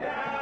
Yeah.